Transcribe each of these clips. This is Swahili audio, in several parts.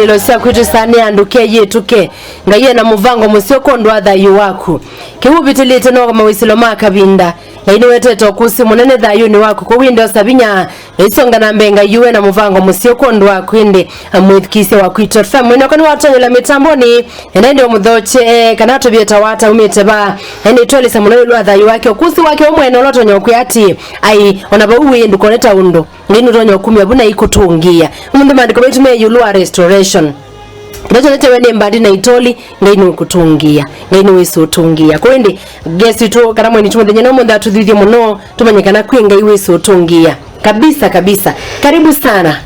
lilosia kwitu sane andu keyituke ngai na muvango musyoku undu wa thayu waku kiu upitilite no mawisilo ma kavinda iniwetete okusi munene thayuni waku kuu indi osavinya isongana mbenga yuwe na muvango musio kundu waku indi mwithikisye waku itot fm inoko niwatonyela mitamboni ene ndi omuthoche e, kana tuvieta wataumite va ene itwelisa muno ilwa thayu wake ukusi wake umwene ulotonya ukwi ati ai ona vau wi ndukoneta undu ngini utonya ukumia vuna ikutungia umunthi maandiko vaitu meyulwa restoration nete wende mbadi na itoli naitoli ngaini kutungia ngaini wisi utungia kwi ndi gesi tu kana mwene chimodzi nyene umodzi athuthithie muno tumanyikana kwi ngai wesu utungia kabisa kabisa karibu sana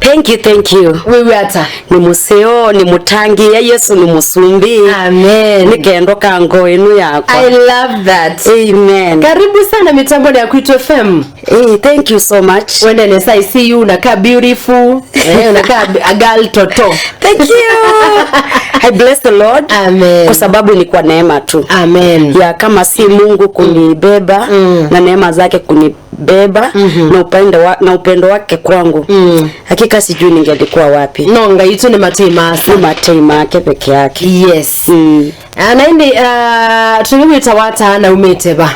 Thank you, thank you. Wewe hata ni museo ni mutangi ya Yesu ni musumbi. Amen. ni Nikendo kango enu yako. I love that. Amen. Karibu sana mitambo ya Kwito FM. Hey, thank you so much. Wendele, I see you unakaa beautiful. eh, unakaa a girl toto thank you I bless the Lord Amen. Kwa sababu ilikuwa neema tu Amen. ya kama si Mungu kunibeba mm. mm. na neema zake kunibeba mm -hmm. na upendo wa, na upendo wake kwangu mm. hakika sijui ningelikuwa wapi. nonga itu ni matei masa ni matei make peke yake yes mm. Ah, na indi uh, ah, tuliwita wata na umeteba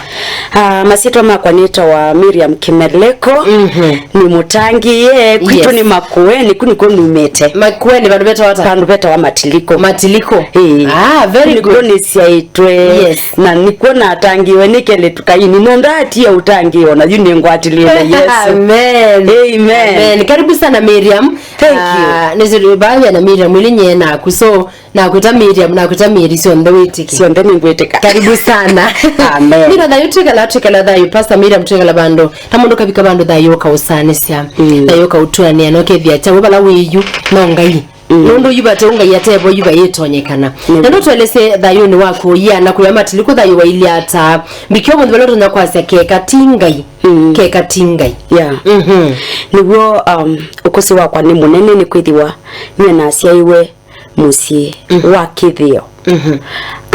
ah, ma kwa nito wa Miriam Kimeleko mhm. ni mutangi ye kwitu yes. ni makueni kuni kwa umete makueni bandu beta wata bandu beta wa matiliko matiliko ee. ah very Kuni good ni siaitwe yes. na niko na atangiwe nikele tukaini na ndatia utangiwe na yuni ngwatilie na Yesu amen. amen karibu sana Miriam thank you nizuri baya na Miriam ili na kuso nakwita Miriam nakwita Miri sionde witiki sionde ningwitika karibu sana amen ah, nina thayo twikala twikala thayo pastor Miriam twikala bandu na mundu kabika bandu thayo kausane sia mm. thayo kautuania no kethia cha wala wiyu no ngai Mm. nundu yubate ungai yatebo yuba yitonyekana mm. nando twelese thayo ni wako ya na kuya matiliku thayo wa ili ata bikyo mundu balo tuna kwasya keka tingai mm. keka tingai yeah mhm mm niguo um ukosi wakwa ni munene ni kwithiwa nie na asiaiwe musie mm -hmm. wa kithio mm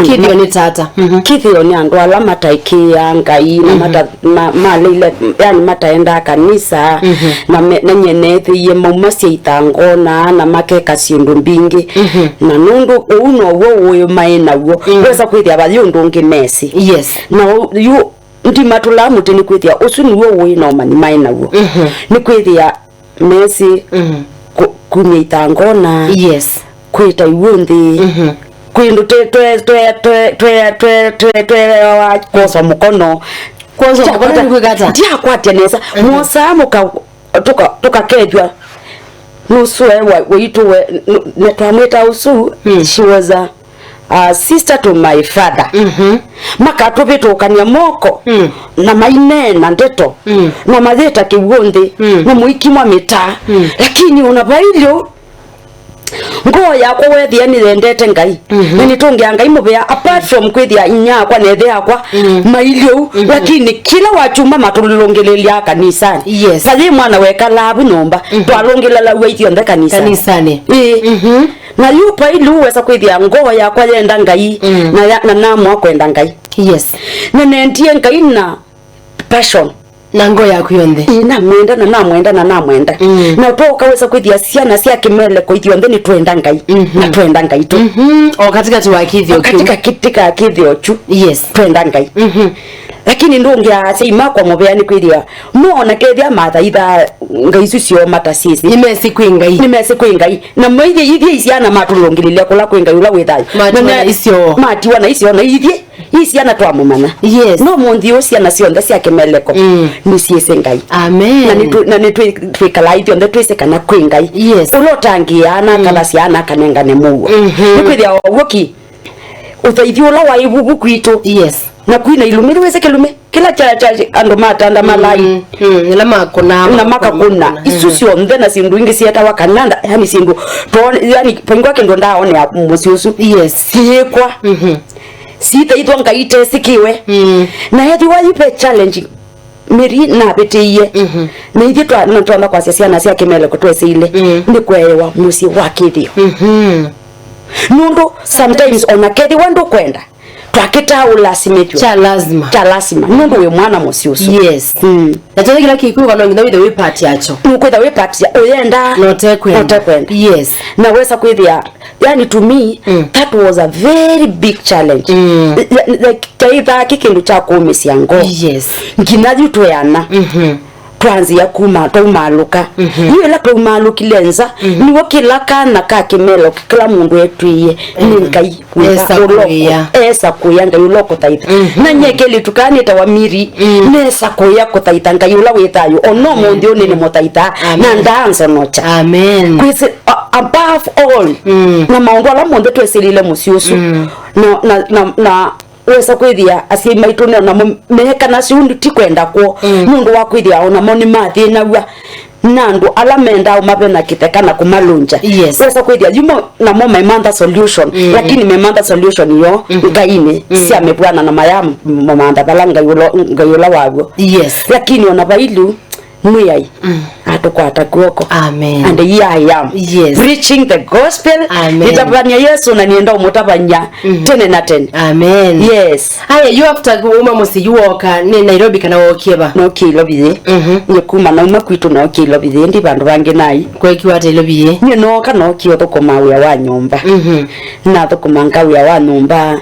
kithio ni tata mm -hmm. kithio ni andu ala mataikia ngai na mm -hmm. mata ma, maleile yani mataenda kanisa mm -hmm. na me, na nyenethiie mauma ciaitangona na makeka ciundu mbingi mm -hmm. na nundu uu noguo uyu mai naguo mhm. wesa kwithia bathi undu ngi mesi yes. na yu ndima tula muti ni kwithia ucu niwo ui nomani mai naguo mhm. ni kwithia mesi mm kunya itangona yes kwita iwunthi mhm. kwindu twewa kwosa mukono ndiakwatia nesa mwosaa mhm. muka tukakejwa we waituwe netwamwita usu hmm. she was a uh, sister to my father mm -hmm. kania moko mm. na mainena ndeto mm. na mathita kiwonthi mm. na muikimwa mita mm. lakini unabailo ngoo yakwa wethia niyendete ngai mhm. nanitungea gai muvea withiainyaakwa ntheakwa mailye mhm. uai mhm. kila wachuma matulugilia kaisannayi wana wekalaa v ymb twluilalwiyoh i nyuu thiango yawaye ngai na nwe ngainanenie ngai na nango yaku yonthe namwenda na namwenda na namwenda mm. na to ukaweza kwithia ciana cia kimele kwa ithiothe ni twenda ngai mm -hmm. na twenda ngai tu mhm. o katika tu akithio tu katika kitika kithio tu yes twenda ngai mhm. lakini -hmm. lakini ndungia seima kwa mubeani kwiria muona kethia matha itha ngai icio cio mata cici ni mesi kwi ngai ni mesi kwi ngai na moithie ithie ciana matulungililia kula kwi ngai ula withayo na icio matiwa na icio na ithie hii ciana twamumana yes. no munthi u ciana ciothe cia kimeleko mm. ni ciici ngai na ni nä twäkara ithuothe twäcekana kwä ngai yes. å rä a å tangiana mm. kana ciana mm. kanengane muguo mm -hmm. nä kwä thia oguo ki uteithio å ra wa ivugu kwitå yes na ilumi ilume liweze kilume kila cha cha ando matanda mm-hmm. malai mm, mm, na makona na makakuna mm. isu mm-hmm. sio ndhe na sindu ingi si hata wakananda yani sindu to yani pengwa kendo ndaone ya musiusu yes sikwa mhm mm sithaithwa ngaite sikiwe kiwe mm. na yethiwa ipe challenging miri na mm -hmm. na ithie na twamba kwacia ciana cia kimeleko twecile mm. ni kweewa musi wa kithio mm-hmm. nundo nundu sometimes ona kethiwa ndukwenda twakita ulasime cha lazima cha lazima nundu we mwana musiusu yes mm nacho kila kikuyu kana ngitha withe we part yacho nukwitha we part ya uyenda note kwenda note kwenda yes na wesa ya yani to me mm. that was a very big challenge mm. like kaitha kikindu cha kumisia ngo yes nginaji tuyana mhm mm twanzia kuma twaumaluka mhm. niyo ila twaumalukile nza mhm. niwo kila kana ka kimelo kila mundu etwiie ni ngai esa kuya ngai ula ukuthaitha mhm. na nyekeli tukanite wa miri nesa kuya kuthaitha ngai ula withayo ono muthi uni ni muthaitha na ndanzo nocha amen kwisi above all na maundu ala munthu twesirire muciucu na na na wesa kwithia acie maitu ne ona mehekana cio ti kwenda kuo mm. ni undu wa kwithia ona mo ni mathie naua na andu ala mendao na kiteka na kumalunja yes. wesa kwithia yumo namo memantha solution mm -hmm. lakini memantha solution yo mm -hmm. ngaini mm -hmm. siamevwana na maya mamantha vala ngai ula wago yes. lakini ona bailu muyai mm. atukwata guoko amen and here i am yes. preaching the gospel amen nitabania yesu na nienda umutabania mm -hmm. tene na tene amen yes haya you after uma musi yuoka ni nairobi kana wokieba no kilobiye mhm mm kuma na uma kwitu no kilobiye ndi bandu bangi nai kwekiwa te lobiye eh? ni no kana okio thukuma wia wa nyumba mhm mm na kuma ngawia wa nyumba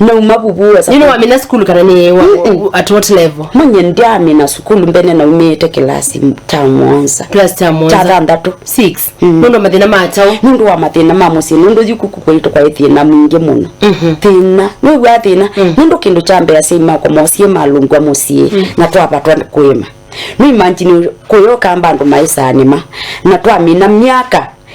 nauma bubuwa ino wamina sukulu kana ni wa, mm -mm. at what level mwenye ndi amina sukulu mbene na naumite kilasi tamwonza plus tamwonza tathandatu six mm. -hmm. nundu wa mathina matau nundu wa mathina ma mucii nundu jukuku kwitu kwa thina mwingi muno mm -hmm. thina niwa thina mm. -hmm. nundu kindu cha mbea cii mako mocie malungwa mucii mm. -hmm. na twavatwa kwima no manjini kuyoka mbandu anima na twamina miaka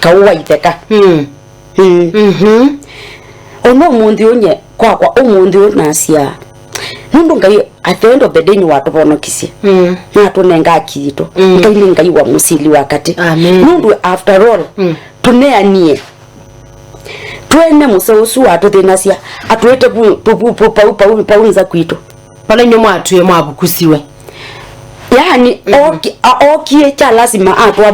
kau wa itheka ono munthe unie kwakwa umunthi u nasya nondu ngai ean watuvonokisye natunenga akiitu ngai ni ngai wa musili wa kati nondu tuneanie twene muse usu watuthinasya atwite tuu pau nza kwitå vala in mwatwe mwavukusiwe yani mm. oki okie cha lazima atwa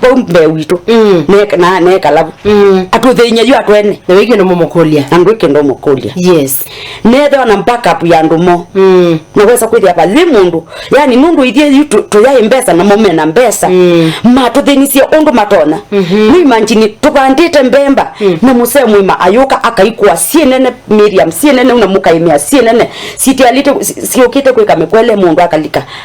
pombe wito mm. neka na neka labu mm. atuthenya yu atwene na wiki ndo mumokolia na wiki ndo mumokolia yes netho na backup ya ndumo mm. na wesa kwithia pa thi mundu yani mundu ithie yu tuyai mbesa na mume na mbesa mm. matuthenisie undu matona mm -hmm. ni manjini tubandite mbemba mm. na muse mwima ayuka akaikua sie nene Miriam sie nene una mukaimia sie nene sitialite siokite kwika mekwele mundu akalika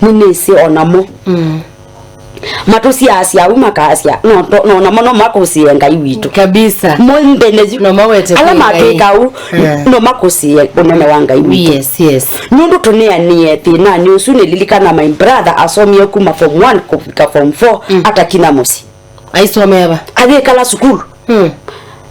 nini isi onamo mm matusi asia uma kasia no no na mono makusie ngai witu kabisa mwende nezu no mawete ala matuika u yeah. no makusie unene wa ngai witu yes yes nundu tunea nie thina ni usu nililikana my brother asomie kuma form 1 kufika form 4 mm. ata kina musi aisomeba athikala sukulu mm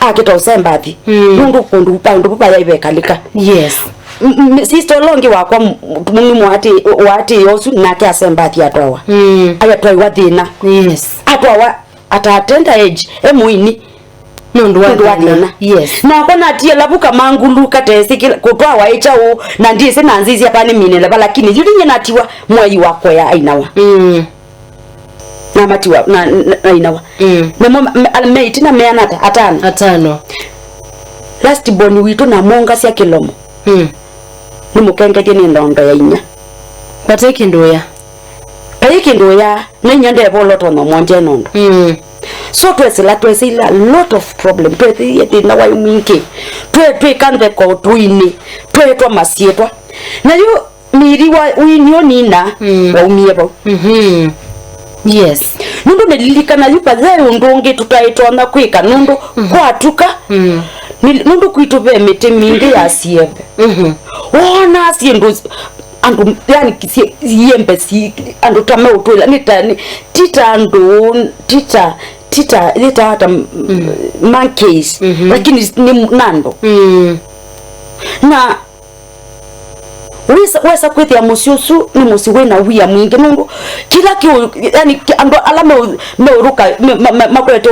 akita usembati hmm. nundu kundu pandu baya lika yes sisto longi wakwa mungu mwati wati yosu nake asembathi atwawa mm. iwa thina yes. ata atenda age emuini nundu wa thina yes. na nakwa natie lavuka mangulu katesi kutwawa icha u na ndisi na nzizi apani minela lakini yulinye natiwa mwai wakwa ya ainawa mm mamatiwa na na, nainawa mm. memo almeit na meanata atano atano last born witu na monga cia kilomo mm. ni mukengetie ni ndondo ya inya pate kinduya pate kinduya ni nyende boloto no monje nondo mm so twesila twesila lot of problem twethiie thina kande kwa twe twikantheka utwini twetwa masietwa nayo miri wa winio nina mm. waumie vau mm -hmm yes nundu nililika nayu pathai undu ungi tukaitona kwika nundu mm -hmm. kwatuka mm -hmm. nundu kwitu ve miti mingi ya ciembe mhm. mm -hmm. wona ciendu andu yani ciembe si andu tameutwila nita ni, tita andu tita tita tita hata mm -hmm. monkeys mm -hmm. lakini ni nando mm -hmm. na wesa wesa kwithia muci ucu ni muci wina wia mwingi nundu kila ki yani andu ala meuruka makorete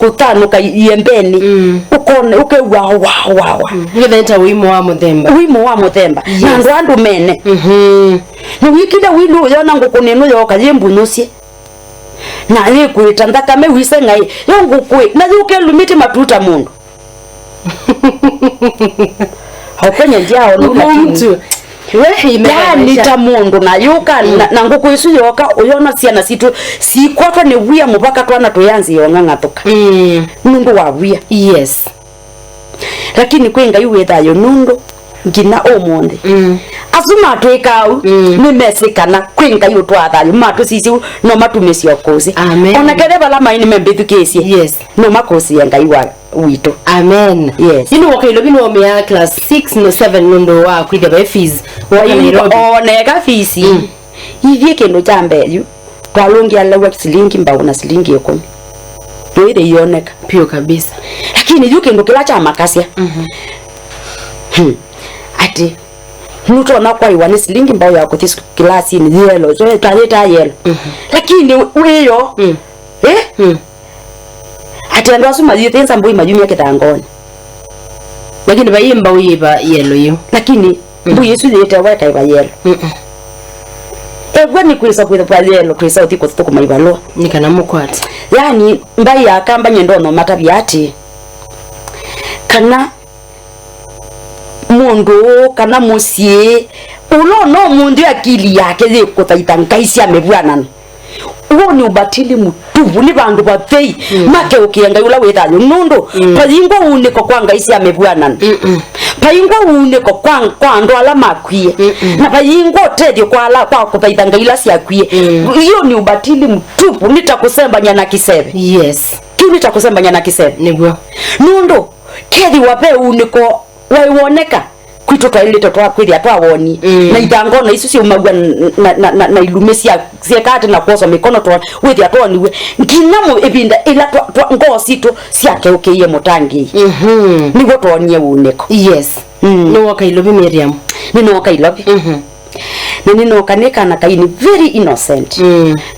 gutanuka iembeni mm. ukone ukewa wa wa wa mm. ngethaita wimo wa muthemba wimo wa muthemba yes. na andu andu mene mhm ni wikile wilu yona ngukuninu yoka yimbunyucie na ni kwita nthakame wise ngai yo ngukwi na yuke lumite matuta mundu haukenya njao nundu yani ta mundu yuka mm. na, na nguku icu yoka uyona ciana citu cikwatwa ni wia muvaka twana twianzi yong'ang'athuka mm. nundu wa wia yes lakini kwi ngai withayo nundu ngina umuthi mm. acu matwikau mm. ni mesikana kwi ngai utwathayo matwiciciu no matumicio kuci ona kere bala maini membithukicie yes. no makucie ngai wa witu amen yes. inu wakailo bino omea class 6 no 7 nundu wa kwithia ba fees oneka fisi ithie kindu cha mbeyu twarungia lewa silingi mbao na silingi ikumi ndoire ioneka pio kabisa lakini juu kindu kila cha makasia mm -hmm. hmm. ati nutona kwaiwa ni silingi mbao ya kuthi kilasini yelo so tarita yelo mhm. lakini wiyo mm. eh mm. ati ndo asuma yitensa mbui majumi yake tangoni lakini bayimba uyiba yelo yo lakini Mm. mbuyitsu yiite weka ivaiyelo ivwe eh, nikwisa kwitha valyeno kwisa uthi kuthuthukuma ivalua nikana mukwati yani mbai yakamba nyendo nomata vyati kana mundu kana musii ulo no mundu akili yake yikuthaita ngai cia mivwanano uo ni ubatili mutuvu ni vandu vathei mm. makeukie ngai ula withanyu nundu mm. pathingwa uniko kwa ngai cia mivwanano mm -mm payingwa uneko kwa kwa nkwando ala makwie mm -mm. na payingwa utedio kwa ala kwa kupaitha ila siakwie hiyo mm. ni ubatili mtupu nitakusembanya na kisebe yes kiu nitakusembanya na kisebe niguo nundu kethi wape uneko waiwoneka kwitoka ile toto wa kweli atwa woni mm. na idango na isu si umagwa na na, na, na ilumesia siekate na kuosa mikono to wethi atwa ni we nginamo ibinda ila ngoo twa ngosi to siake ukiye mutangi mhm mm nigo tonie uneko yes mm. no wakailobi miriam ni no wakailobi mm -hmm. Mm. na ninoka nikana kaini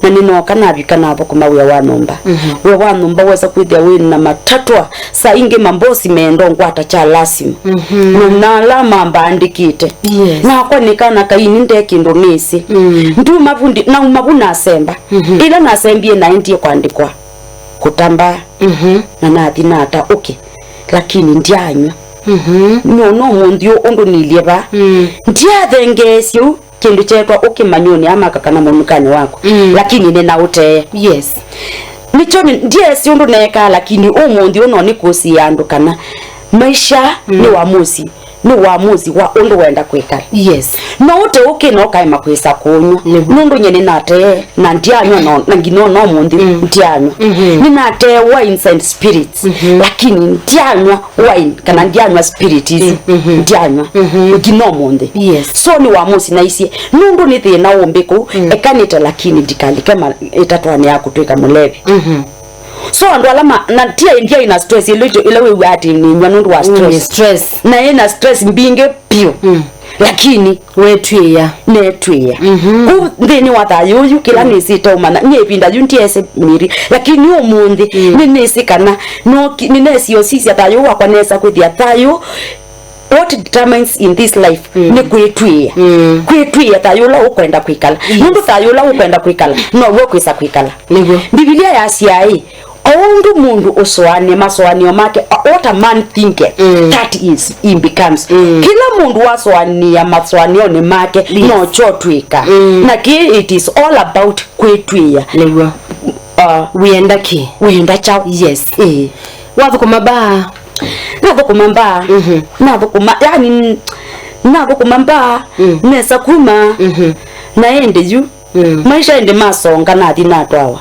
na ninoka navikanavokoma wia wa nyumba mm-hmm. wi wa nyumba wea kwithia wi na matatwa sa ingi mambosi menda ngwata cha laim mm-hmm. na naala mambaandikite nakwa nikana kaini nde kindu niisi mm. nnaumavu nasmba mm-hmm. ila nasmbie naendiekwandikwa kutambaa na nathi nata ukiidya Mm-hmm. nono munthiå u ndå mm. niilye vaa ndiathengeesye u kindu kyetwa åkimanyåni a maka kana månukani waku mm. lakini ninaåtee nikyon ndiesi u ndå nekaa lakini uu månthiu no nikåcia andå kana maisha ni mm. wa måsi ni wamuzi wa undu wenda kwikara yes no ute uki no kaima kwisa kunywa mm -hmm. nundu nyene nate na ndianywa no na ngino no mundi mhm. ndianywa mhm. ni nate wine and spirits mhm. lakini ndianywa wine kana ndianywa spirit mm -hmm. ndianywa mm -hmm. ngino mundi yes so ni wamuzi na isi nundu ni thina umbiku mm. ekanite lakini ndikalike itatwane yakutwika mulevi mm -hmm so andu ma na tia ndia ina stress ile ile ile we ati ni nyanundu wa stress mm, stress na ina stress mbinge pio mm lakini wetwia netwia mhm. mm -hmm. ku thini wa thayu yu kila mm. nisi taumana nye ibinda yu ese miri lakini munthi mm. ni nisi kana no ni nesi nesio sisi athayu kwa nesa ku kwithia thayu what determines in this life mm. ni kwitwia mm. kwitwia thayula ukwenda kwikala yes. nundu thayula ukwenda kwikala no we kwisa kwikala niguo bibilia yaciai omuntu mundu usoanie masoanio make what a man thinketh mm. that is he becomes mm. kila mundu wasoania masoanio ni make yes. nocho mm. na ki it is all about kwitwia niguo uh, wienda ki wienda chao yes eh wathukuma baa nathukuma mbaa mm -hmm. nathukuma yani nathukuma mbaa mm. nesa kuma mm -hmm. naende yu mm. maisha ende masonga nathi natwawa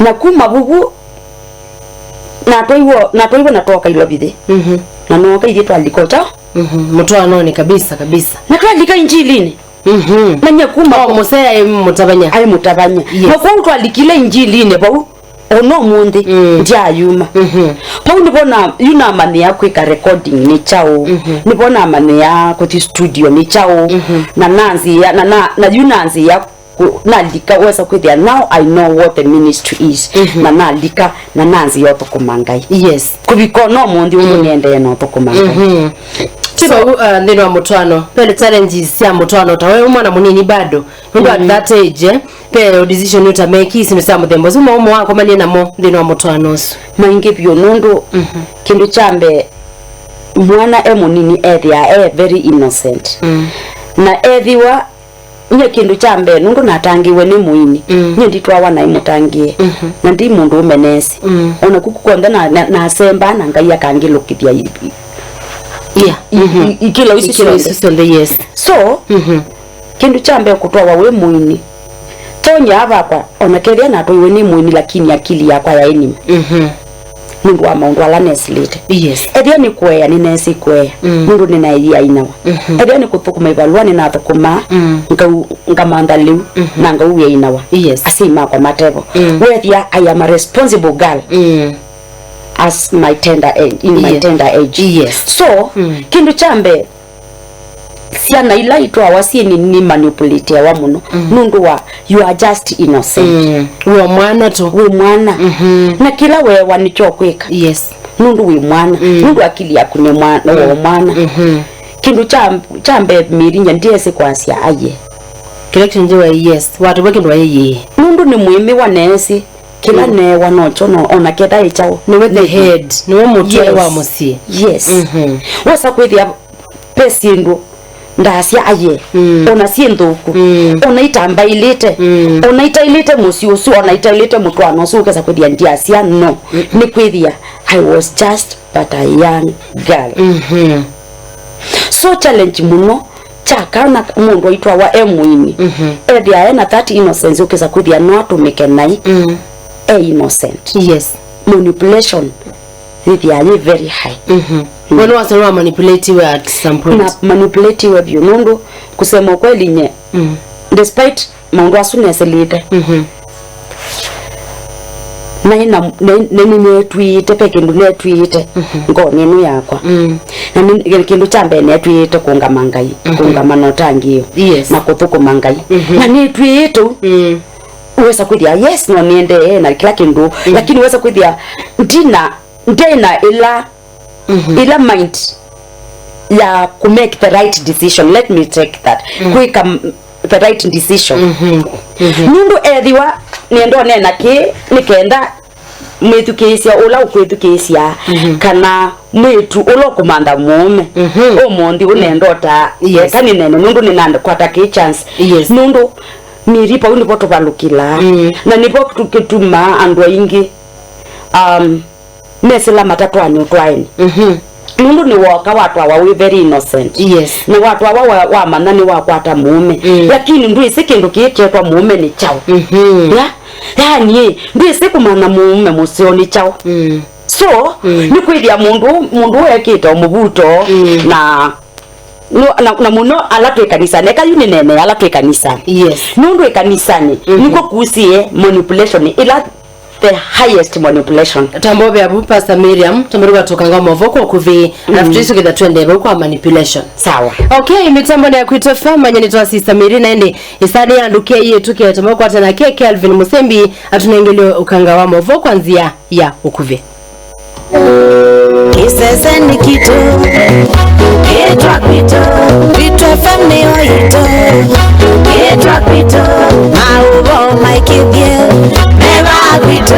na kuma bubu na toivo na toivo na toka ilo bidhi mhm mm na noka ili twalikocha mhm mtu anaone kabisa kabisa na alika injili ni mhm na nyakuma kwa oh, mosea ayi mutabanya ayi mutabanya yes. na kwa alikile injili ni bau ono mundi mm. njayuma mm -hmm. pau nibona yuna mani ya kwika recording ni chao mm -hmm. nibona mani ya kuti studio ni chao mm -hmm. na nanzi ya na, na, na nanzi ya nalika wesa kwithia now i know what the ministry is mm -hmm. na nalika na nanzia utukuma ngai yes kubiko no mundi umu mm. niende na utukuma ngai mm -hmm. So, so uh, nino wa mutwano pele challenges cia mutwano ta we umwana munini bado nundu mm -hmm. that age eh? pele decision you to make isi nusa muthembo zuma umu wako manie namo thini wa mutwano su maingi bio nundu mm -hmm. kindu chambe mwana e munini ethia e very innocent mm. na ethiwa nye kindu cha mbere nundu natangiwe ni muini mm. nye nditwawa na imutangie mm -hmm. na ndi mundu umenesi mm. ona kuku kwenda na, na, na semba na ngai akangilukithia ibi ya mm isi isi sonde yes so mm -hmm. kindu cha mbere kutwawa we muini tonya avakwa ona keria na ni muini lakini akili yakwa ya enima mm -hmm. nũndå wamaundu alanesiteethia nikwea ninesikwea nũndu mm. ninaeiainawa mm-hmm. ethia nikuthũkuma ivala ninathukuma mm. ngau ngamaha lu mm-hmm. na ngau wainawa asai makwa matevowethao mm. kindu kyabee ciana ila itwawa ciä ni nä manipulate wa må no nä wa you are just innocent mm. wä mwana to wä mwana mhm. na kä ra wewa nä kä okwä yes nundu å ndå wä mwana nä å ndå akili yaku nä wa mwana mhm. kä ndå cha mbe mä rinya ndiese kwacia aye kila rä kä yes watu wake ndo yeye nundu ni å wa nesi kila mm. newa nocho no ona kenda ichao niwe the mm-hmm. head niwe mutwe wa musi yes mm -hmm. wasa kwithia pesi ndo ndacia aye mm. ona cie nthuku mm. ona itambailite mm. ona itailite muci ucio ona itailite mutwana ucio ukeza kwithia ndiacia no mm. ni kwithia i was just but a young girl mm -hmm. so challenge muno chakana mundu aitwa wa emuini mm -hmm. aye na that innocence ukesa kwithia no atumike nai mm. e innocent yes manipulation ithia ye very high mm -hmm. Hmm. Wano wasema manipulative at some point. Na manipulative vyo nundu kusema kweli nye. Mm. Despite maundu asu neselite. Mhm. Mm na ina na ni tweete pe kindu ne tweete mm -hmm. ngo ninu yakwa mm. na ni kindu cha mbere ne tweete kunga mangai mm -hmm. kunga manotangi yes. na kuthuku mangai mm -hmm. na ni tweete mm. uweza kwithia yes no niende na kila kindu mm. lakini uweza kwithia ndina ndina ila Mm-hmm. iaynundu mm. mm-hmm. mm-hmm. ethiwa nendanena kii nikenda mwithukiisya ula ukwithukiisya kana mwitu ula ukumantha mume mohi unendatakaninnennnwt knndu iriau nivo tuvalukilaa na nivo tukitumaa andu aingi um, nesila matatu anyu twaini mm -hmm. tundu ni woka watu awa wi very innocent yes. ni watu awa wa, wa mana ni wakwata muume mm. lakini ndu isi kindu kiitietwa muume ni chao mm -hmm. ya yani ndu isi kumana muume musio ni chao mm. so mm. ni kwithia mundu mundu ekite umuvuto mm. na na, na muno ala twi kanisani eka ni nene ala twi kanisani yes nundu ikanisani mm -hmm. niko kusie manipulation ila the highest manipulation tambobe abu pastor Miriam tumeruka tukanga mavoko kuvi mm. alafu tuisogeza twende kwa manipulation sawa okay mitambo ya kuitwa fama nyeni twa sister Miri naende isadi ya ndukia yeye tuke atambo kwa tena ke Kelvin Musembi atunaengelea ukanga wa mavoko kuanzia ya ukuvi Kisese ni kitu kitwa kitu kitwa famni oito kitwa kitu maubo maikibie I return.